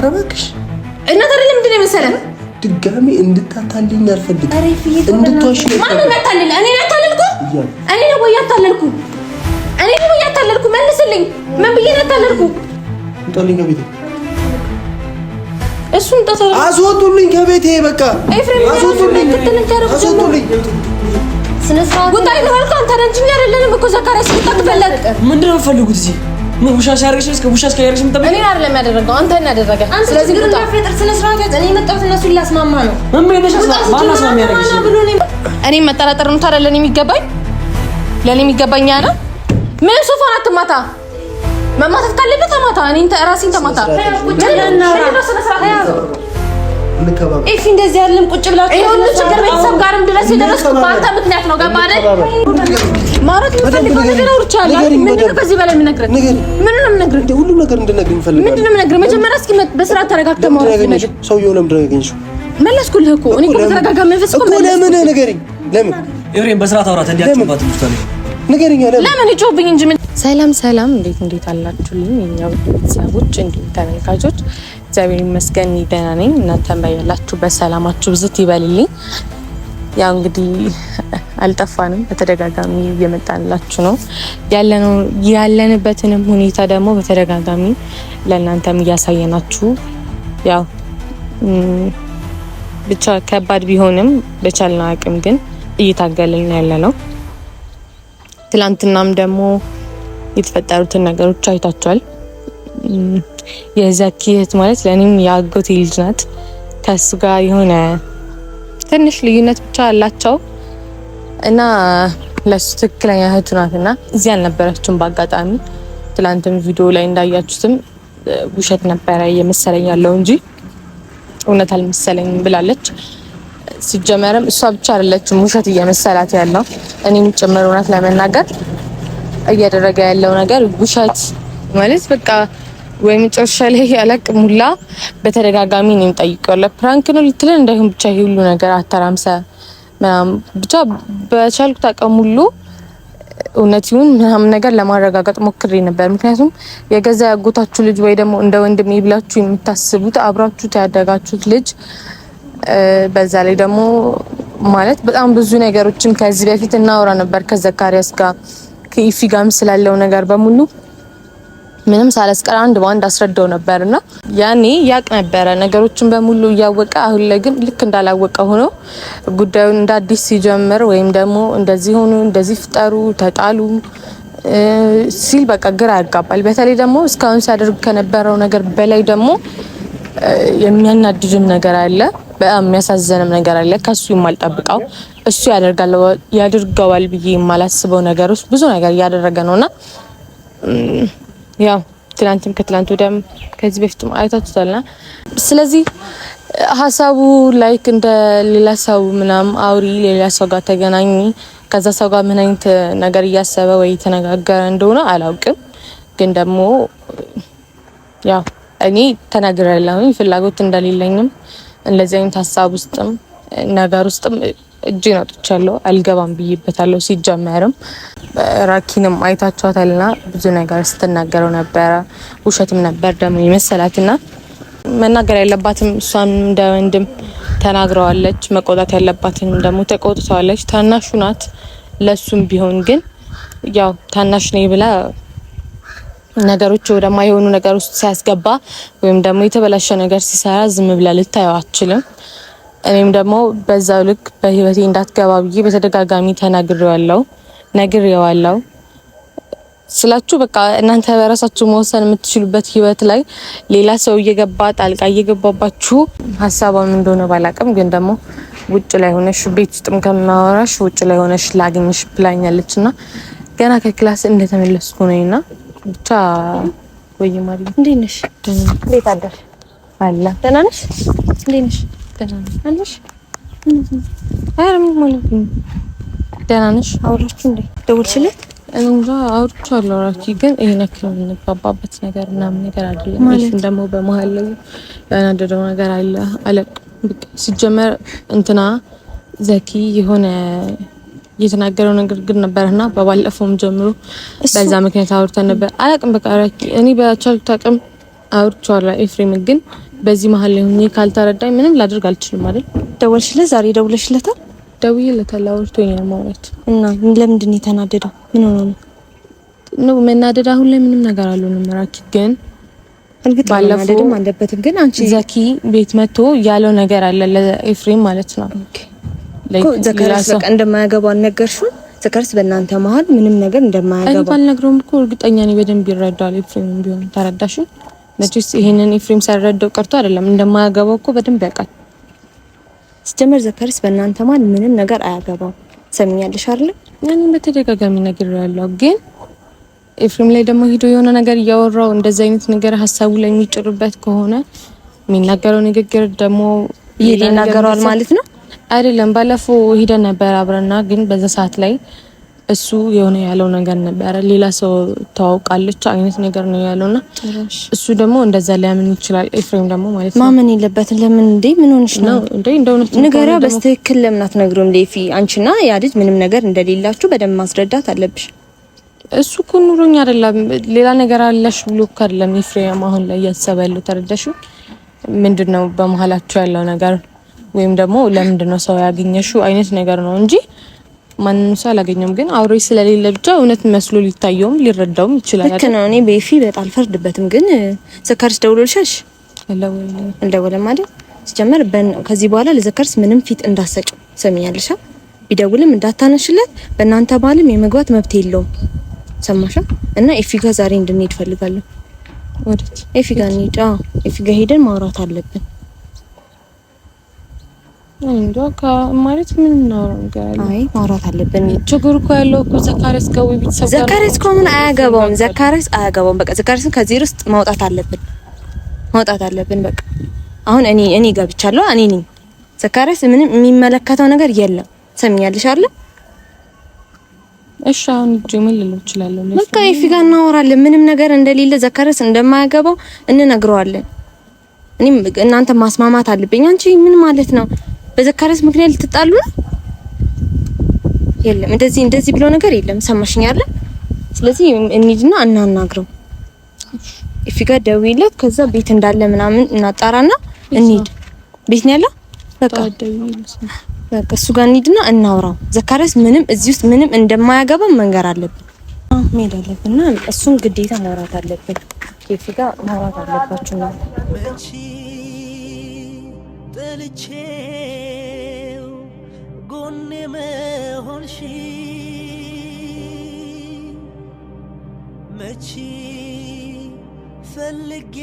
ኧረ እባክሽ እናት አይደለም ምንድን ነው የመሰለህ? ድጋሚ እንድታታልኝ አልፈልግም። እንድትዋሽ ማንም ያታልል። እኔ ያታልልኩ እኔ ነው ወይ ያታልልኩ? እኔ ነው ወይ ያታልልኩ? መልስልኝ። ምን ብዬ ነው ያታልልኩ? እንጣልኝ ከቤቴ እሱን ተሰራ አስወጡልኝ ከቤቴ በቃ ኤፍሬም አስወጡልኝ ከተልን አስወጡልኝ። ስነ ስርዓት ጉዳይ ነው። አንተ ረጅም ያደለንም እኮ ዘካሪያስ ልታክፈለቅ ምንድን ነው የምፈልጉት እዚህ ምን ቡሻ ሲያደርግሽ እስከ ቡሻ እስከያደርግሽ የምጠብቀው እኔ አይደለም ያደረገው አንተ ነህ ያደረገ። ስለዚህ ግን እንዳፈጥር ስነ ስርዓት ያዝ። እኔ መጣሁት እነሱን ላስማማ ነው። ምን ምን ነሽ ማማ ስማማ ያደርግሽ እኔ መጠራጠር ነው ታዲያ ለኔ የሚገባኝ ለኔ የሚገባኝ ያለ ምን ሶፋን አትማታ። መማታት ካለበት ተማታ። እኔ ራሴን ተማታ። እሺ፣ እንደዚህ ያለም ቁጭ ብላችሁ ይሁን ችግር ቤተሰብ ጋርም ድረስ የደረስኩት በአንተ ምክንያት ነው። ገባ አይደል? ማውራት የምፈልገው ነገር አውርቻለሁ። ምንድን ነው ከዚህ በላይ የምነግርህ? ምን ነው የምነግርህ? ሁሉም ነገር እንድነግርህ እንፈልጋለሁ። ምንድን ነው የምነግርህ? መጀመሪያ እስኪ በስርዓት ተረጋግተህ ማውራት ነው። ሰውዬው ለምን ደረገኝሽ? መለስኩልህ እኮ እኔ እኮ ተረጋጋ መንፈስ እኮ ለምን ንገረኝ። ለምን ኤፍሬም በስርዓት አውራት እንዲያጭባት ትፍታለ ንገረኝ። ለምን ይጮህብኝ እንጂ ምን። ሰላም ሰላም፣ እንዴት እንዴት አላችሁልኝ የኛ ቤተሰቦች እንዲሁም ተመልካቾች እግዚአብሔር ይመስገን ደህና ነኝ። እናንተም በያላችሁ በሰላማችሁ ብዝት ይበልልኝ። ያው እንግዲህ አልጠፋንም፣ በተደጋጋሚ እየመጣንላችሁ ነው ያለነው። ያለንበትንም ሁኔታ ደግሞ በተደጋጋሚ ለእናንተም እያሳየናችሁ ያው ብቻ ከባድ ቢሆንም በቻልነው አቅም ግን እየታገልን ያለ ነው። ትላንትናም ደግሞ የተፈጠሩትን ነገሮች አይታችኋል። የዘኪ እህት ማለት ለእኔም የአጎቴ ልጅ ናት። ከሱ ጋር የሆነ ትንሽ ልዩነት ብቻ አላቸው እና ለሱ ትክክለኛ እህቱ ናት እና እዚህ አልነበረችም። በአጋጣሚ ትላንትም ቪዲዮ ላይ እንዳያችሁትም ውሸት ነበረ የመሰለኝ ያለው እንጂ እውነት አልመሰለኝም ብላለች። ሲጀመርም እሷ ብቻ አይደለችም ውሸት እየመሰላት ያለው እኔም ጭምር እውነት ለመናገር እያደረገ ያለው ነገር ውሸት ማለት በቃ ወይም መጨረሻ ላይ ያለቅ ሙላ በተደጋጋሚ ነው ጠይቀው ፕራንክ ነው ልትለን እንደሁም ብቻ ሁሉ ነገር አተራምሰ ምናም ብቻ በቻልኩት አቅም ሁሉ እውነት ይሁን ምናምን ነገር ለማረጋገጥ ሞክሬ ነበር። ምክንያቱም የገዛ ያጎታችሁ ልጅ ወይ ደግሞ እንደ ወንድም ይብላችሁ የምታስቡት አብራችሁት ያደጋችሁት ልጅ በዛ ላይ ደግሞ ማለት በጣም ብዙ ነገሮችን ከዚህ በፊት እናወራ ነበር ከዘካሪያስ ጋር ከኢፊ ጋርም ስላለው ነገር በሙሉ ምንም ሳላስቀር አንድ በአንድ አስረዳው ነበር እና ያኔ ያቅ ነበረ ነገሮችን በሙሉ እያወቀ አሁን ላይ ግን ልክ እንዳላወቀ ሆኖ ጉዳዩን እንደ አዲስ ሲጀምር ወይም ደግሞ እንደዚህ ሆኑ፣ እንደዚህ ፍጠሩ፣ ተጣሉ ሲል በቃ ግራ ያጋባል። በተለይ ደግሞ እስካሁን ሲያደርግ ከነበረው ነገር በላይ ደግሞ የሚያናድድም ነገር አለ። በጣም የሚያሳዘንም ነገር አለ። ከሱ የማልጠብቀው እሱ ያደርገዋል ብዬ የማላስበው ነገር ውስጥ ብዙ ነገር እያደረገ ነውና ያው ትላንትም ከትላንት ወዲያም ከዚህ በፊት አይታችሁታልና፣ ስለዚህ ሀሳቡ ላይክ እንደ ሌላ ሰው ምናም አውሪ፣ ሌላ ሰው ጋር ተገናኝ፣ ከዛ ሰው ጋር ምን አይነት ነገር እያሰበ ወይ ተነጋገረ እንደሆነ አላውቅም። ግን ደግሞ ያው እኔ ተናግራለሁኝ ፍላጎት እንደሌለኝም እንደዚህ አይነት ሀሳብ ውስጥም ነገር ውስጥም እጄን አውጥቻለሁ። አልገባም ብዬበታለሁ። ሲጀመርም ራኪንም አይታችኋታልና ብዙ ነገር ስትናገረው ነበረ። ውሸትም ነበር ደግሞ የመሰላትና መናገር ያለባትም እሷም እንደ ወንድም ተናግረዋለች። መቆጣት ያለባትንም ደግሞ ተቆጥተዋለች። ታናሹ ናት። ለሱም ቢሆን ግን ያው ታናሽ ነኝ ብላ ነገሮች ወደማይሆኑ ነገር ውስጥ ሲያስገባ ወይም ደግሞ የተበላሸ ነገር ሲሰራ ዝም ብላ ልታየው አችልም። እኔም ደግሞ በዛው ልክ በህይወቴ እንዳትገባ ብዬ በተደጋጋሚ ተናግሬዋለሁ፣ ነግሬዋለሁ ስላችሁ በቃ እናንተ በራሳችሁ መወሰን የምትችሉበት ህይወት ላይ ሌላ ሰው እየገባ ጣልቃ እየገባባችሁ ሀሳቧም እንደሆነ ባላቅም፣ ግን ደግሞ ውጭ ላይ ሆነሽ ቤት ውስጥም ከማወራሽ ውጭ ላይ ሆነሽ ላገኝሽ ብላኛለች እና ገና ከክላስ እንደተመለስኩ ነኝ እና ብቻ ወይ ማሪ እንዴት ነሽ? እንዴት አደር አለ ደህና ነሽ? እንዴት ነሽ? ደህና ነሽ? አውራችሁ እንዴ ደውልሽልኝ? እንጃ አውርቻለሁ። አውራችሁ ግን ይሄን ያክል የምንባባበት ነገር ምናምን ነገር አይደለም። እሱም ደግሞ በመሀል ላይ ያናደደው ነገር አለ አለቅ ሲጀመር እንትና ዘኪ የሆነ የተናገረው ንግግር ነበርና በባለፈውም ጀምሮ በዛ ምክንያት አውርተን ነበር። አላቅም በቃ እኔ በቻልኩት አቅም አውርቼዋለሁ። ኤፍሬም ግን በዚህ መሀል ላይ ሆኜ ካልተረዳኝ ምንም ላድርግ አልችልም አይደል? ደወልሽለት? ዛሬ ደውለሽለታል? ደውዬለታል። አውርቶኝ ነው ማውራት እና ለምንድን ነው የተናደደው? ምን ሆኖ ነው መናደድ? አሁን ላይ ምንም ነገር አልሆንም። ራኪ ግን እንግዲህ ባለፈው አለበትም ግን አንቺ ዘኪ ቤት መጥቶ ያለው ነገር አለ ለኤፍሬም ማለት ነው። ኦኬ ዘካሪያስ በቃ እንደማያገባው አልነገርሽው? ዘካሪያስ በእናንተ መሀል ምንም ነገር እንደማያገባ እኔ ባልነግረውም እኮ እርግጠኛ ነኝ በደንብ ይረዳዋል ኤፍሬም ቢሆን ተረዳሽው? መቼስ ይሄንን ኤፍሬም ሳይረዳው ቀርቶ አይደለም፣ እንደማያገባው እኮ በደንብ ያውቃል። ስጀመር ዘካሪስ በእናንተ ማን ምንም ነገር አያገባው። ሰሚኛለሽ አይደል? እኔም በተደጋጋሚ ነግሬዋለሁ፣ ግን ኤፍሬም ላይ ደግሞ ሄዶ የሆነ ነገር እያወራው እንደዛ አይነት ነገር ሀሳቡ ላይ የሚጭርበት ከሆነ የሚናገረው ንግግር ደግሞ ይሄ ይናገረዋል ማለት ነው አይደለም። ባለፈው ሄደን ነበር አብረና፣ ግን በዛ ሰዓት ላይ እሱ የሆነ ያለው ነገር ነበረ። ሌላ ሰው ታውቃለች አይነት ነገር ነው ያለውና እሱ ደግሞ እንደዛ ሊያምን ይችላል። ኤፍሬም ደግሞ ማለት ነው ማመን የለበትም። ለምን እንዴ? ምን ሆንሽ ነው እንዴ? እንደውነት ንገሪያ በስትክክል ለምን አትነግሪውም? ሌፊ አንቺና ያ ልጅ ምንም ነገር እንደሌላችሁ በደንብ ማስረዳት አለብሽ። እሱ እኮ ኑሮኝ አይደለም ሌላ ነገር አለሽ ብሎ እኮ አይደለም ኤፍሬም አሁን ላይ እያሰበ ያለው ተረዳሽ? ምንድን ነው በመሀላችሁ ያለው ነገር ወይም ደግሞ ለምንድን ነው ሰው ያገኘሽው አይነት ነገር ነው እንጂ ማንም ሰው አላገኘውም። ግን አውሬ ስለሌለ ብቻ እውነት መስሎ ሊታየውም ሊረዳውም ይችላል። ልክ ነው። እኔ ቤፊ በጣም አልፈርድበትም። ግን ዘካርስ ደውሎልሻልሽ? አልደወለም አይደል? ሲጀመር ከዚህ በኋላ ለዘካርስ ምንም ፊት እንዳሰጭ ሰሚያልሻ፣ ቢደውልም እንዳታነሽለት። በእናንተ ባልም የመግባት መብት የለውም። ሰማሻ? እና ኤፊ ጋ ዛሬ እንድንሄድ ፈልጋለሁ። ወዴት? ኤፊ ጋ እንሂድ። ኤፊ ሄደን ማውራት አለብን። እንዴ ማለት ምን እናወራው አይ ማውራት አለብን። ችግር እኮ ያለው እኮ ዘካሪያስ ጋር ወይ ቤተሰብ ጋር ዘካሪያስ እኮ ምን አያገባውም። ዘካሪያስ አያገባውም። በቃ ዘካሪያስን ከዚህ ውስጥ ማውጣት አለብን፣ ማውጣት አለብን። በቃ አሁን እኔ እኔ ገብቻለሁ። እኔ ነኝ ዘካሪያስ ምንም የሚመለከተው ነገር የለም። ሰሚኛለሽ እሺ አሁን እችላለሁ? በቃ ኤፊ ጋር እናወራለን። ምንም ነገር እንደሌለ ዘካሪያስ እንደማያገባው እንነግረዋለን። እኔም እናንተ ማስማማት አለብኝ። አንቺ ምን ማለት ነው? በዘካሪያስ ምክንያት ልትጣሉ ነው? የለም እንደዚህ እንደዚህ ብሎ ነገር የለም። ሰማሽኝ አይደል? ስለዚህ እንሂድና እናናግረው። ኢፊጋ ደውይለት፣ ከዛ ቤት እንዳለ ምናምን እናጣራና እንሂድ። ቤት ነው ያለው። በቃ በቃ እሱ ጋር እንሂድና እናውራው። ዘካሪያስ ምንም እዚህ ውስጥ ምንም እንደማያገባ መንገር አለብን መሄድ አለብን እሱን ግዴታ ማውራት አለብን። ከፊ ጋር ማውራት አለባችሁ ነው ጎኔ መሆንሽ መቼ ፈልጌ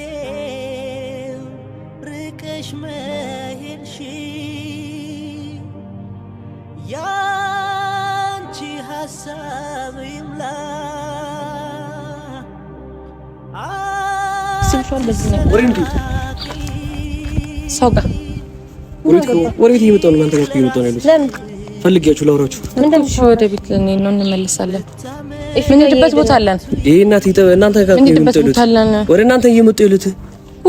ርቀሽ መሄድሽ ያንቺ ሀሳብ ይምላ ሰው ጋር ወዴት እየመጣሁ ነው? እናንተ ጋር እኮ እየመጣሁ ነው ያሉት። ፈልጊያችሁ ላውራችሁ ምንድነው? ወደ ቤት ልንሄድ ነው፣ እንመለሳለን። የምንሄድበት ቦታ አለን። እናንተ ወደ እናንተ እየመጡ ይሉት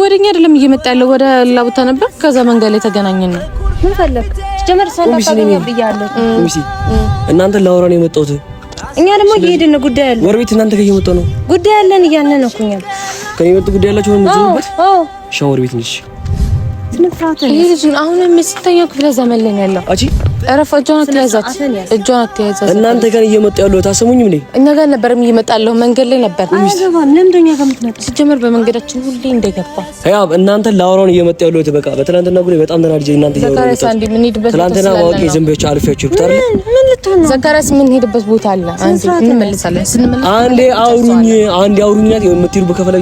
ወደ እኛ አይደለም እየመጣ ያለው ወደ ሌላ ቦታ ነበር። ከዛ መንገድ ላይ ተገናኘን ነው። ምን ፈለግ እናንተ ላውራ ነው የመጣሁት። እኛ ደግሞ እየሄድን ነው፣ ጉዳይ አለ። ወደ ቤት እናንተ ከየመጣሁ ነው፣ ጉዳይ አለን እያልን ነው። እኮ እኛ ከየመጡ ጉዳይ አላችሁ ነው የምትሉበት። ሻወር ቤት ነሽ። አሁን የምስተኛው ክፍለ ዘመን ላይ ነው ያለው። እረፍ። እጇን አትያዛት፣ እጇን አትያዛት። እናንተ ጋር እየመጣ ያለው ታሰሙኝ። ምን እኛ ጋር ነበርም እየመጣ መንገድ ላይ ነበር። ሲጀመር በመንገዳችን ሁሌ እንደገባ ያው እናንተ ላውራውን እየመጣ ያለው በቃ በትናንትና ጉዳይ በጣም ተናድጄ እናንተ ትናንትና ማወቄ ዝም ብዬሽ አልፌያችሁ አይደል? ዘካሪያስ የምንሄድበት ቦታ አለ። እንመልሳለን። አንዴ አውሩኝ፣ አንዴ አውሩኝ ናት የምትሄዱ በከፈለ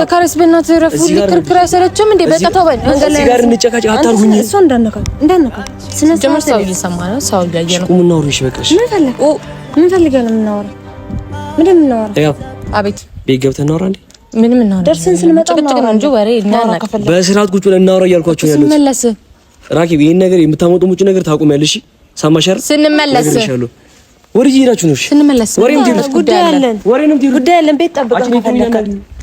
ዘካሪስ በእናት ረፉ ክርክር አይሰለችም እንዴ? በቃ ተወኝ። መንገድ ላይ ጋር እንጨቃጨቅ አታርጉኝ። እሱ እንዳነካ እንዳነካ ስነ ስርዓት ሰው እየሰማ ነው። ሰው እያየ ነው። ምን እናወራሽ? በቃሽ። ምን ፈለግ ምን ፈልገህ ነው የምናወራው? ምን የምናወራው? ያው አቤት፣ ቤት ገብተን እናወራ እንዴ? ምን እናወራ? ደርሰን ስንመጣ እናወራ እንጂ ወሬ እናወራ። በስርዓት ቁጭ ብለን እናወራ እያልኳቸው ያለው ስንመለስ፣ ራኪብ ይሄን ነገር የምታመጡ ሙጭ ነገር ታቆሚያለሽ። ሰማሽ ስንመለስ ወሬ እየሄዳችሁ ነው። ስንመለስ ወሬንም ጉዳይ አለን። ቤት ጠብቀን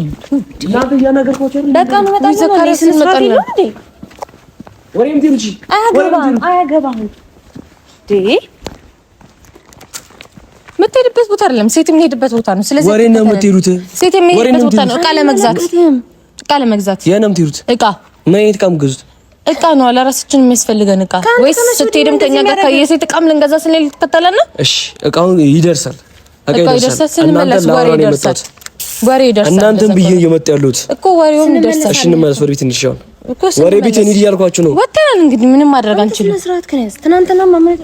የምትሄድበት ቦታ አይደለም፣ ሴት የሚሄድበት ቦታ ነው። ስለዚህ ወሬ ነው የምትሄዱት፣ ሴት ቦታ ነው። እቃ ለመግዛት እቃ ለመግዛት የት ነው የምትሄዱት? እቃ ምን አይነት እቃ የምትገዙት? እቃ ነው ለራሳችን የሚያስፈልገን እቃ ወይስ ስትሄድም ከኛ ጋር የሴት እቃም ልንገዛ ስንል እሺ እቃውን ይደርሳል፣ እቃ ይደርሳል፣ ስንመለስ ወሬ ይደርሳል። ወሬ ይደርሳል። ብዬ እየመጣ ያሉት እኮ ወሬውን ይደርሳል። እሺ እንመለስ ወደ ቤት እንሻው ወሬ ቤት እንሂድ እያልኳችሁ ነው። ወጣን እንግዲህ ምንም ማድረግ አንችልም። ስራት ከነስ ትናንትና ማመን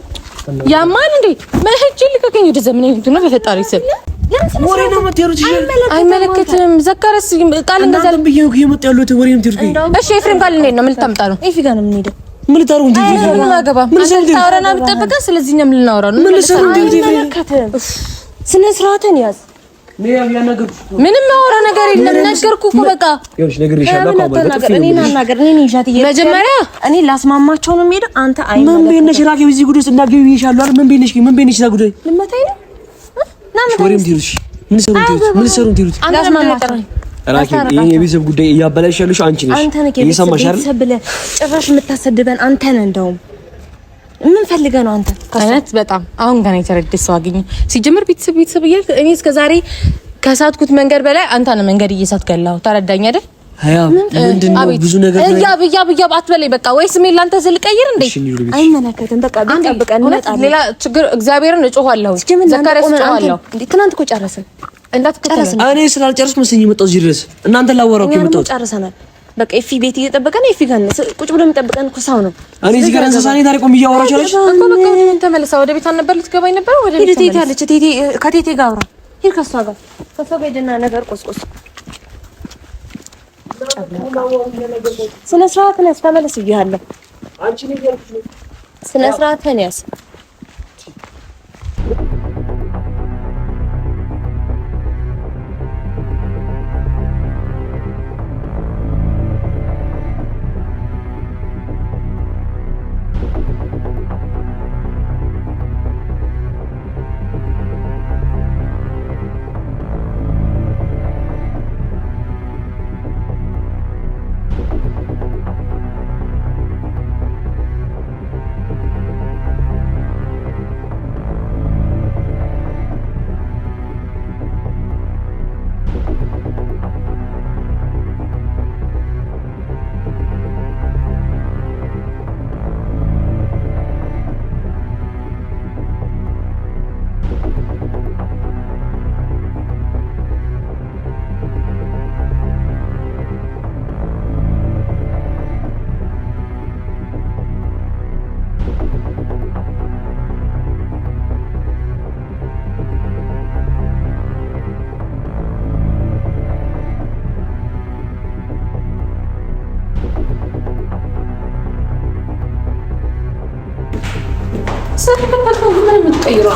ያማን እንዴ መሄጅ ልቀቀኝ። ወደ ዘመን ይሁን ነው በፈጣሪ ስም ወሬ ነው የምትሄዱት። አይመለከትም። ዘካረስ ቃል እንደዛ ብዬ እየመጣ ያሉት ወሬ ነው የምትሄዱት። እሺ ኤፍሬም ቃል እንዴት ነው ምን ልታምጣ ነው? ኤፊ ጋር ነው የምንሄደው ምን ልታረጉ እንዴ? ምን አገባ ምን ልታወራና ብጠብቀን ስለዚህ እኛም ልናወራ ነው። ምን ልሰሩ እንዴ? ስነ ስርዓትን ያዝ ምንም ማወራ ነገር የለም። ነገርኩ እኮ በቃ ይኸውልሽ፣ ነገር መጀመሪያ እኔ ላስማማቸው ነው የምሄደው። አንተ አይ ምን ቤት ነሽ? እዚህ ጉድ ውስጥ እንዳትገቢ አይደል? ምን ቤት ምን ቤት እዛ ጉድ የቤተሰብ ጉዳይ እያበላሽ ያለሽ አንቺ ነሽ። እየሰማሽ አይደል? ጭራሽ የምታሰድበን አንተ ነህ እንደውም ምን ፈልገ ነው አንተ? እውነት በጣም አሁን ገና የተረዳሽ ሰው አገኘ። ሲጀምር ቤተሰብ ቤተሰብ እያልክ እኔ እስከ ዛሬ ከሳትኩት መንገድ በላይ አንተ ነው መንገድ እየሳት ገላው ተረዳኝ አይደል? ብዙ ነገር እያብ እያብ እያብ አትበለኝ። በቃ ወይ ስሜን ላንተ ስልቀይር እንዴ አይመለከትም። በቃ ጠብቀን እንመጣለን። ሌላ ችግር እግዚአብሔርን እጮኋለሁ። ዘካሪያስ እጮኋለሁ። ትናንት እኮ ጨረስን። እንዳትጨረስ እኔ ስላልጨረስኩ መሰለኝ የመጣሁት እዚህ ድረስ እናንተ ላወራው እኮ የመጣሁት ጨርሰናል። በቃ ኤፊ ቤት እየጠበቀን ኤፊ ጋር ቁጭ ብሎ የሚጠብቀን እኮ ሰው ነው። እኔ እዚህ ጋር እንስሳ ነኝ። ታሪቆም እያወራች አለች እኮ በቃ ምን ተመልሳ ወደ ቤት አልነበር ልትገባ ነበር። ወደ ቤት ቴቴ አለች። ቴቴ ከቴቴ ጋር አውራ ሂድ፣ ከሷ ጋር ከሷ ጋር ሂድና ነገር ቆስቆስ ስነ ስርዓት ነስ ተመለስ እያለሁ ስነ ስርዓት ነስ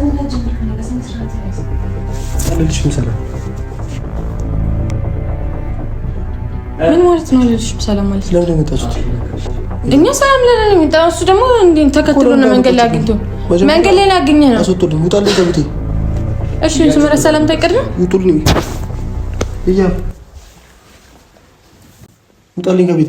ምን ማለት ነው? ልልሽም ሰላም ማለት ለምን የመጣችሁት? እኛ ሰላም ብለን የመጣነው እሱ ደግሞ ተከትሎ ነው። መንገድ ላይ አግኝቶ መንገድ ላይ ላገኘ ነው። እሺ ሰላም ታይቀድም ውጡልኝ ገብቴ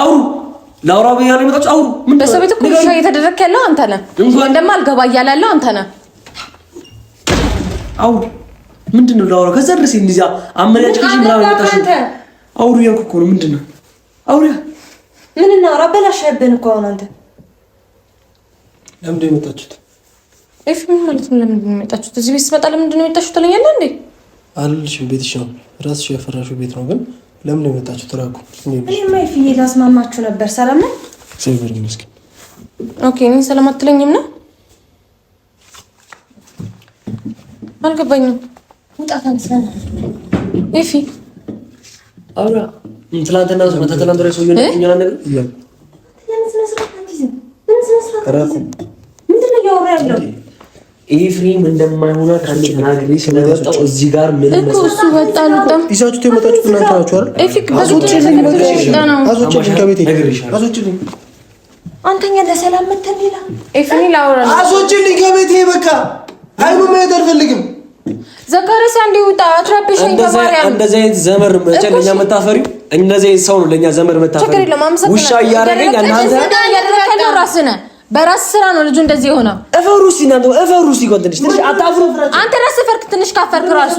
አውሩ ለአውራ በያ ላይ መጣች። አውሩ ምን በሰው ቤት እኮ ሻይ እየተደረክ ያለው አንተ ነህ። ወንድም አልገባ እያለ ያለው አንተ ነህ። አውሩ ምንድን ነው ለአውራ ከዛ ድረስ እንዲያ አመሪያጭ ልጅ ምናምን መጣች። አውሩ እያልኩ እኮ ነው። ምንድን ነው አውሩ ምን እናውራ? በላሸብን እኮ አሁን አንተ ለምንድን ነው የመጣችሁት? ኤፍ ምን ማለት ነው? ለምንድን ነው የመጣችሁት? እዚህ ቤት ስመጣ ለምንድን ነው የመጣችሁት? ትለኛለህ እንዴ? አልልሽም። ቤትሽ ነው ራስሽ ያፈራሽው ቤት ነው ግን ለምን የመጣችሁ? ትራኩ እኔማ ይፍዬ ላስማማችሁ ነበር። ሰላም ነው? እግዚአብሔር ይመስገን። ኦኬ። እኔ ሰላም አትለኝም ነው? አልገባኝም። ውጣ። ታንሰና ይፊ አውራ ትናንትና ላይ ሰውዬው ነኛ ነገር ምን ምንድን ነው እያወራ ያለው ኤፍሬም እንደማይሆና ከአንድ ተናግሬ ስለመጣሁ እዚህ ጋር ምን እኮ እሱ ወጣ አይደል? ኤፊክ አንተኛ ለሰላም መተን ሌላ ኤፍሬም ላውራ አስወጪልኝ ከቤቴ በቃ አይኑ ማየት አልፈልግም። ዘካረስ አንዴ ውጣ አትረብሽኝ። እንደዚህ አይነት ዘመር መቼ ለኛ እንደዚህ ሰው ነው ለኛ ዘመር መታፈሪ ውሻ እያደረገኝ እናንተ በራስ ስራ ነው ልጁ እንደዚህ የሆነው። እፈሩ ሲናንተ እፈሩ ሲጎን ትንሽ ትንሽ አታፍሩ። አንተ ራስ ፈርክ፣ ትንሽ ካፈርክ ራሱ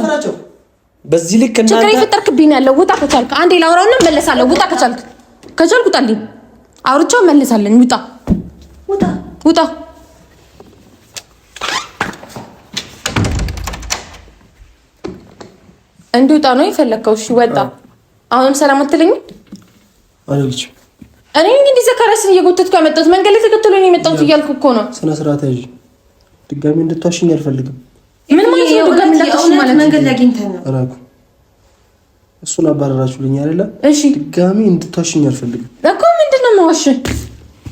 በዚህ ልክ እናንተ ችግር የፈጠርክብኝ ያለው ውጣ ከቻልክ አንዴ ላውራውና መለሳለሁ። ውጣ ከቻልክ ከቻልኩ ውጣልኝ፣ አውርቼው መለሳለኝ። ውጣ ውጣ ውጣ። እንዲውጣ ነው የፈለከው? እሺ ወጣ። አሁንም ሰላም አትለኝም? እኔ እንግዲህ ዘካሪያስን እየጎተትኩ ያመጣሁት መንገድ ላይ ተከትሎኝ ነው የመጣሁት እያልኩ እኮ ነው። ስነ ስርዓት ያዥ። ድጋሚ እንድትዋሽኝ አልፈልግም። ምን ማለት ነው? ድጋሚ እንዳትዋሽኝ ማለት መንገድ ላይ አግኝተን ነው እራኩ። እሱን አባረራችሁልኝ አይደለ? እሺ፣ ድጋሚ እንድትዋሽኝ አልፈልግም እኮ። ምንድን ነው የማዋሽ?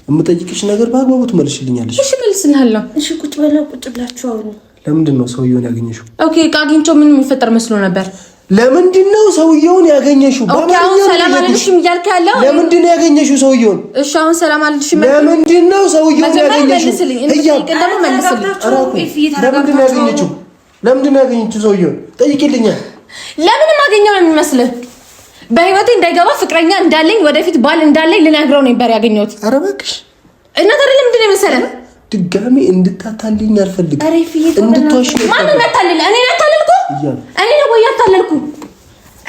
የምጠይቅሽ ነገር በአግባቡ ትመልሽልኛለሽ። እሺ፣ እመልስልሃለሁ። እሺ፣ ቁጭ በለው። ቁጭ ብላችሁ አሁን። ለምንድን ነው ሰውየውን ያገኘሽው? ኦኬ፣ አግኝቼው ምን የሚፈጠር መስሎ ነበር? ለምንድን ነው ሰውየውን ያገኘሽው? አሁን ሰላም አልልሽም እያልክ ያለው ለምንድን ነው ያገኘሽው ሰውየውን? እሺ አሁን ሰላም አልልሽም። ለምንድን ነው ሰውየውን ያገኘሽው? ለምንድን ነው ያገኘችው ሰውየውን? ጠይቂልኛል። ለምንም አገኘው ነው የሚመስልህ? በህይወቴ እንዳይገባ ፍቅረኛ እንዳለኝ ወደፊት ባል እንዳለኝ ልነግረው ነበር ያገኘሁት። ኧረ እባክሽ እናት አይደለም ምንድን ነው የመሰለህ ድጋሚ እንድታታልኝ አልፈልግም። እንድትዋሽ ማንም ያታልል። እኔ ያታልልኩ እኔ ነው ወይ ያታልልኩ?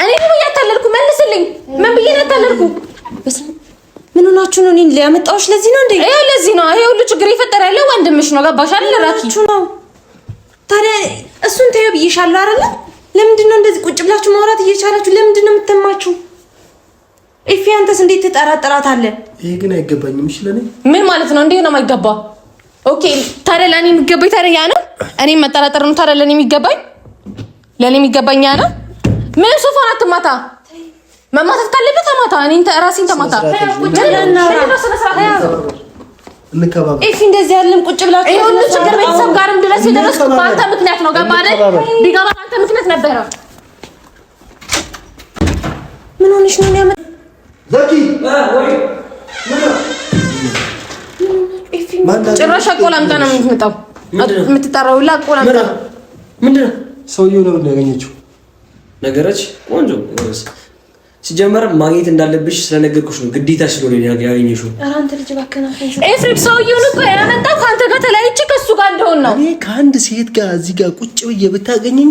እኔ ነው ወይ ያታልልኩ? መልስልኝ። ምን ብዬ ያታልልኩ? ምን ሆናችሁ ነው? እኔን ሊያመጣውሽ ለዚህ ነው እንዴ? ይሄ ለዚህ ነው። ይሄ ሁሉ ችግር የፈጠረ ያለ ወንድምሽ ነው። ገባሽ አይደል? ራኪ ነው። ታዲያ እሱን ተይው ብዬሻለሁ አይደል? ለምንድን ነው እንደዚህ ቁጭ ብላችሁ ማውራት እየቻላችሁ? ለምንድን ነው የምትማችሁ? ኢፊ አንተስ እንዴት ትጠራጥራታለህ? ይሄ ግን አይገባኝም። እሺ ለኔ ምን ማለት ነው? እንዴት ነው የማይገባ ኦኬ ታዲያ ለእኔ የሚገባኝ ታዲያ ያ ነው። እኔ መጠራጠር ነው ታዲያ ለእኔ የሚገባኝ ለእኔ የሚገባኝ ያ ነው። ምንም ሶፋን አትማታ። መማታት ካለበት ተማታ። እኔ ራሴን ተማታ። ኢፍ እንደዚህ ያለም ቁጭ ብላችሁ ሁሉ ችግር ቤተሰብ ጋርም ድረስ የደረስኩት በአንተ ምክንያት ነው። ገባ አይደል? ቢገባ አንተ ምክንያት ነበረ። ምን ሆነሽ ነው? የሚያመ ጭራሽ አቆላምጣ ነው የምትመጣው። የምትጠራው አቆላምጣ ምንድን ነው? ሰውዬው ያገኘችው ነገረች። ቆንጆ ሲጀመር ማግኘት እንዳለብሽ ስለነገርኩሽ ነው፣ ግዴታ ስለሆነ ያገኘሽው። ኤፍሬም ሰውዬውን እኮ ያመጣው ከአንተ ጋር ተለያይቼ ከእሱ ጋር ነው። እኔ ከአንድ ሴት ጋር እዚህ ጋር ቁጭ ብዬ ብታገኘኝ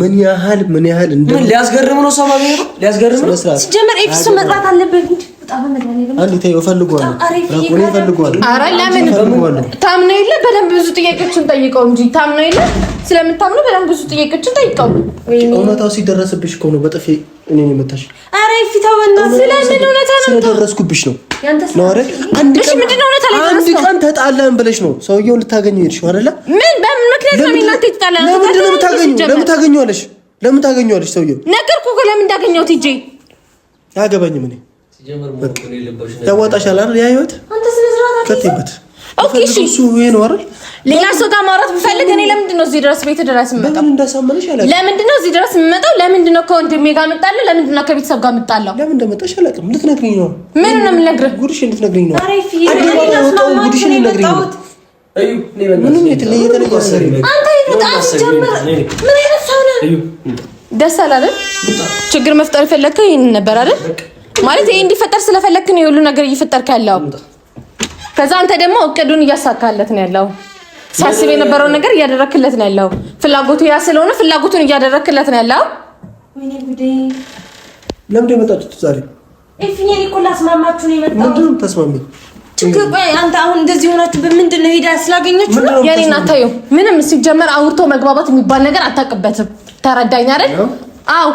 ምን ያህል ምን ያህል እንደ ሊያስገርም ነው ሰው ማግኘት ሊያስገርም ነው። ሲጀመር ኤፍሬም መጥራት አለበት አንዴ ታምነው የለ በደንብ ብዙ ጥያቄዎችን ጠይቀው እንጂ ታምነ የለ ስለምታምነ በደንብ ብዙ ጥያቄዎችን ጠይቀው። እውነታው ሲደረስብሽ ከሆነ በጥፊ እኔ ነው የመታሽ። አረ ፊታውና ስለምን እውነታ ነው ስለደረስኩብሽ ነው ነው አይደል? አንድ ቀን ተጣላን ብለሽ ነው ሰውየውን ልታገኙ ሄድሽው አይደለ? ምን በምን ምክንያት ነው እናንተ የተጣላን? ለምን ታገኘዋለሽ? ለምን ታገኘዋለሽ? ሰውየው ነገርኩህ እኮ ለምን እንዳገኘሁት ሂጅ አያገባኝም እኔ ያዋጣሻል አይደል? ያ ህይወት ከትይበት እሱ ነው አይደል? ሌላ ሰው ጋር ማውራት ብፈልግ እኔ ለምንድን ነው እዚህ ድረስ ቤት ድረስ የምመጣው? ለምንድን ነው እዚህ ድረስ የምመጣው? ለምንድን ነው ከወንድሜ ጋር የምጣለው? ለምንድን ነው ከቤተሰብ ጋር የምጣለው? ለምን እንደመጣሽ አላውቅም። ልትነግሪኝ ነው? ምን ነው የምነግርህ? ጉድሽን ልትነግሪኝ ነው? አንተ ደስ አላለም። ችግር መፍጠር የፈለግከው ነበር አይደል? ማለት ይሄ እንዲፈጠር ስለፈለክ ነው የሁሉ ነገር እየፈጠርክ ያለው። ከዛ አንተ ደግሞ እቅዱን እያሳካለት ነው ያለው። ሳስብ የነበረውን ነገር እያደረክለት ነው ያለው። ፍላጎቱ ያ ስለሆነ ፍላጎቱን እያደረክለት ነው ያለው። ለምንድን የመጣችሁት ዛሬ? ችግር አንተ አሁን እንደዚህ ሆናችሁ በምንድን ነው ሄዳ ስላገኘች የኔን አታዩ። ምንም ሲጀመር አውርቶ መግባባት የሚባል ነገር አታውቅበትም። ተረዳኝ አይደል? አዎ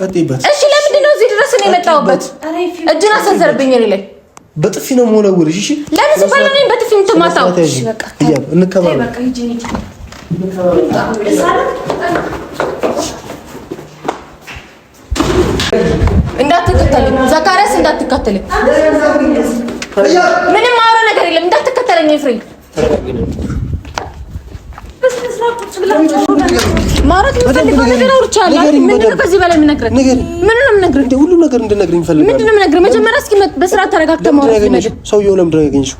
ቀጥይበት። እሺ፣ ለምንድን ነው እዚህ ድረስ ነው የመጣሁበት? እጅና ሰንዘርብኝ እኔ ላይ በጥፊ ነው የምወለውልሽ። እሺ፣ ለምን ሲባል ነው በጥፊ የምትማታው? እንዳትከተለኝ ዘካሪያስ፣ እንዳትከተለኝ። ምንም አውራ ነገር የለም። እንዳትከተለኝ ፍሬ ማውራት የምፈልገው ነገር አውርቻለሁ። ምንድን ነው ከዚህ በላይ የምነግርህ? ምንድን ነው የምነግርህ? ሁሉም ነገር እንድነግርህ እፈልጋለሁ። ምንድን ነው የምነግርህ? መጀመሪያ እስኪ በስርዓት ተረጋግተህ ማውራት። ሰውዬው ለምንድን ነው ያገኘሽው?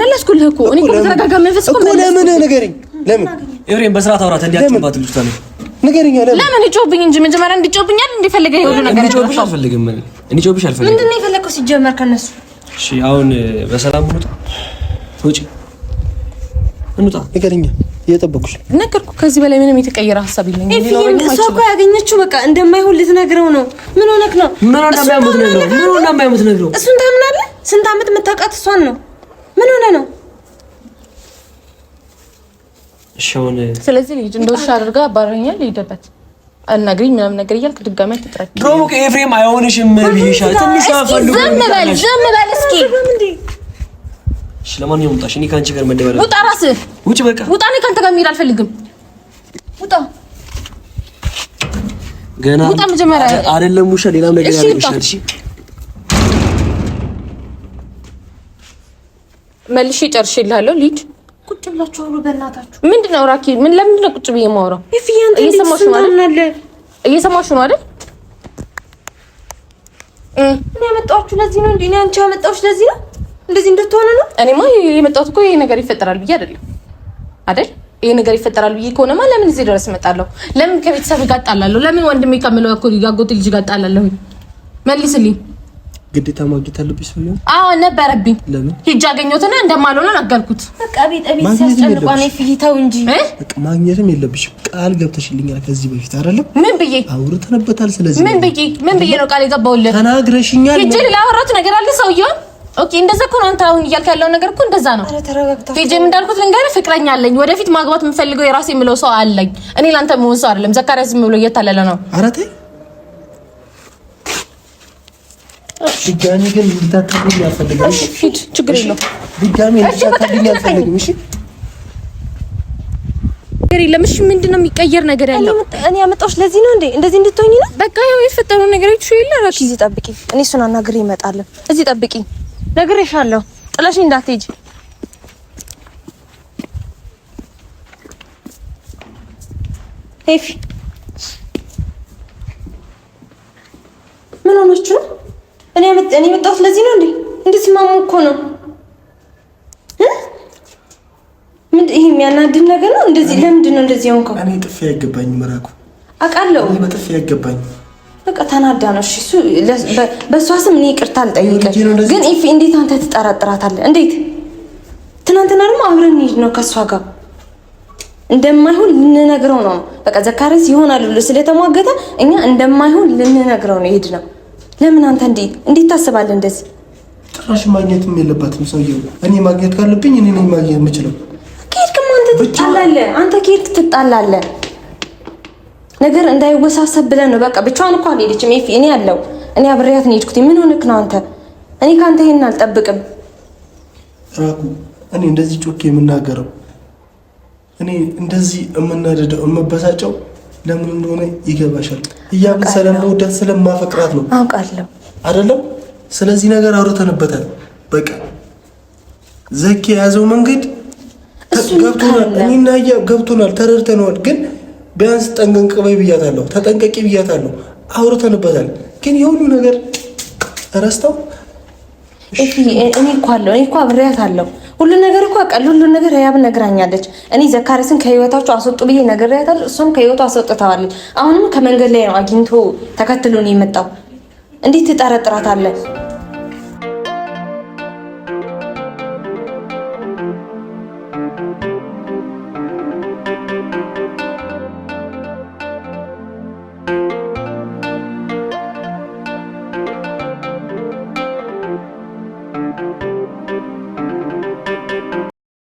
መለስኩልህ እኮ እኔ በተረጋጋ መንፈስ እኮ ለምን ንገሪኝ። ለምን ኤብሬም በስርዓት አውራት እንዲያችባት ልጅቷ ነው ንገሪኝ። ለምን ይጮህብኝ እንጂ መጀመሪያ እንዲጮህብኛል እንዲፈልገህ የሁሉ ነገር እንዲጮህብሽ አልፈልግም። እንዲጮህብሽ አልፈልግም። ምንድን ነው የፈለግከው ሲጀመር ከነሱ? እሺ አሁን በሰላም ሁኑ። ውጪ እንውጣ። ንገሪኝ እየጠበኩሽ ነገርኩ። ከዚህ በላይ ምንም የተቀየረ ሀሳብ የለኝም። እሷ እኮ ያገኘችው በቃ እንደማይሆን ልትነግረው ነው። ምን ሆነክ ነው? ምን ሆነ እንደማይሞት ነግረው። እሱን ታምናለህ? ስንት ዓመት የምታውቃት እሷን ነው። ምን ሆነ ነው? ስለዚህ ልጅ እንደውሻ አድርጋ አባረኛል። ልሄደበት አናግሪኝ ምናምን ነገር እያልክ ድጋሚ አትጥረኝ። ድሮም ኤፍሬም አይሆንሽም ብዬሻለሁ። ትንሽ ፈልጉ። ዝም በል ዝም በል እስኪ ለማንኛውም ውጣ። እኔ ከአንቺ ጋር መደባደብ ውጣ፣ እራስህ ውጭ፣ በቃ ውጣ። እኔ ከአንተ ጋር መሄድ አልፈልግም። ውጣ፣ ገና ውጣ። መጀመሪያ አይደለም ውሻ፣ ሌላም ነገር ያደርግሻል። እሺ፣ መልሼ ጨርሼልሃለሁ። ልጅ ቁጭ ብላችሁ አውሩ፣ በእናታችሁ። ምንድን ነው ራኪ? ምን ለምንድን ነው ቁጭ ብዬ የማወራው? እየሰማሽ ነው አይደል? እኔ ያመጣኋችሁ ለዚህ ነው እንዴ? እኔ አንቺ ያመጣሁሽ ለዚህ ነው እንደዚህ እንደተሆነ ነው። እኔማ የመጣሁት እኮ ይሄ ነገር ይፈጠራል ብዬ አይደለም አይደል? ይሄ ነገር ይፈጠራል ብዬ ከሆነማ ለምን እዚህ ድረስ እመጣለሁ? ለምን ከቤተሰብ ጋር እጣላለሁ? ለምን ወንድሜ ከምለው እኮ ጋጎት ልጅ ጋር እጣላለሁ? መልስልኝ። ግዴታ ማግኘት አለብኝ ሰው። አዎ ነበረብኝ። ለምን ሂጅ አገኘሁትና እንደማልሆነ ነገርኩት። በቃ ቤት ቤት ሲያስጨንቋ ነው ፍይታው እንጂ በቃ ማግኘትም የለብሽም። ቃል ገብተሽልኛል ከዚህ በፊት አይደለም? ምን ብዬ አውርተንበታል። ስለዚህ ምን ብዬ ምን ብዬ ነው ቃል የገባሁልህ? ተናግረሽኛል። ሂጅ ላወራሁት ነገር አለ ሰውየውን ኦኬ እንደዛ እኮ ነው። አንተ አሁን እያልክ ያለው ነገር እኮ እንደዛ ነው። ቴጄም እንዳልኩት ልንገርህ፣ ፍቅረኛ አለኝ። ወደፊት ማግባት የምፈልገው የራሴ የምለው ሰው አለኝ። እኔ ላንተ መሆን ሰው አይደለም። ዘካሪያስ ዝም ብሎ እየታለለ ነው። ኧረ ተይ ድጋሜ ግን እንድታታልኝ አልፈልግም። እሺ ሂድ፣ ችግር የለውም። ድጋሜ እንድታታልኝ አልፈልግም። እሺ ነገር የለም። እሺ ምንድን ነው የሚቀየር ነገር ያለው? እኔ ያመጣሁሽ ለዚህ ነው እንዴ? እንደዚህ እንድትሆኝ ነው። በቃ ያው የተፈጠሩ ነገሮች ሁሉ እራሱ እዚህ ጠብቂኝ። እኔ እሱን አናግሬ ይመጣል። እዚህ ጠብቂኝ። ነግሬሻለሁ፣ ጥለሽኝ እንዳትሄጂ። ኤፊ ምን ሆነች? እኔ እኔ የመጣሁት ስለዚህ ነው እንዴ? እንድትስማሙ እኮ ነው። ምን ይሄ የሚያናድን ነገር ነው? እንደዚህ ለምንድን ነው እንደዚህ ሆንከው? እኔ ጥፊ አይገባኝም። መራኩ አውቃለሁ። እኔ በጥፊ አይገባኝም በቃ ተናዳ ነው። እሺ እሱ በእሷ ስም እኔ ይቅርታ አልጠይቅም፣ ግን ኢፍ እንዴት አንተ ትጠራጥራታለህ? እንዴት ትናንትና ደግሞ አብረን እንሂድ ነው ከእሷ ጋር እንደማይሆን ልንነግረው ነው። በቃ ዘካሪያስ ይሆናል ብሎ ስለተሟገተ እኛ እንደማይሆን ልንነግረው ነው የሄድነው። ለምን አንተ እንዴት እንዴት ታስባለህ? እንደዚህ ጭራሽ ማግኘትም የለባትም ሰውዬው። እኔ ማግኘት ካለብኝ እኔ ነኝ ማግኘት የምችለው። ከሄድክማ አንተ ትጣላለህ፣ አንተ ከሄድክ ትጣላለህ ነገር እንዳይወሳሰብ ብለን ነው። በቃ ብቻዋን እኮ አልሄደችም። ኤፊ እኔ ያለው እኔ አብሬያት ነው የሄድኩት። ምን ሆነክ ነው አንተ? እኔ ካንተ ይሄን አልጠብቅም። ራኩ እኔ እንደዚህ ጮኬ የምናገረው እኔ እንደዚህ የምናደደው የምበሳጨው ለምን እንደሆነ ይገባሻል። እያብን ስለምወዳት ስለማፈቅራት ነው አውቃለሁ አይደለም። ስለዚህ ነገር አውርተንበታል። በቃ ዘኪ የያዘው መንገድ ገብቶናል። እኔና እያብ ገብቶናል፣ ተረድተነዋል ግን ቢያንስ ጠንቀቅ በይ ብያታለሁ፣ ተጠንቀቂ ብያታለሁ። አውርተንበታል። ግን የሁሉ ነገር ረስተው እኔ እኮ አለው እኔ እኮ አብሬያት አለው ሁሉ ነገር እኮ ቀል ሁሉ ነገር ህያብ ነግራኛለች። እኔ ዘካረስን ከህይወታቸው አስወጡ ብዬ ነግሬያታለሁ። እሷም ከህይወቱ አስወጥተዋለች። አሁንም ከመንገድ ላይ ነው አግኝቶ ተከትሎ ነው የመጣው። እንዴት ትጠረጥራታለህ?